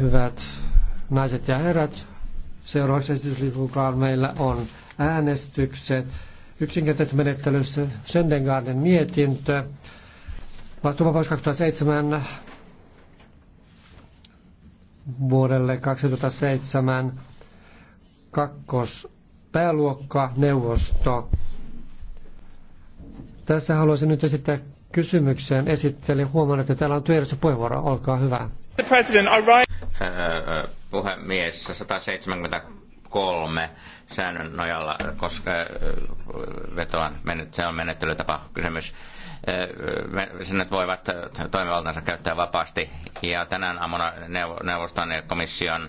Hyvät naiset ja herrat, seuraavaksi esityslipukaan meillä on äänestykset. Yksinkertaisessa menettelyssä Söndengaarden mietintö. Vastuvapaus 2007 vuodelle 2007 kakkos pääluokka neuvosto. Tässä haluaisin nyt esittää Kysymykseen esitteli. Huomaan, että täällä on työjärjestö puheenvuoro. Olkaa hyvä. Puhemies 173 säännön nojalla, koska vetoan, se on menettelytapa kysymys. Sinne voivat toimivaltansa käyttää vapaasti. Ja tänään aamuna neuvoston ja komission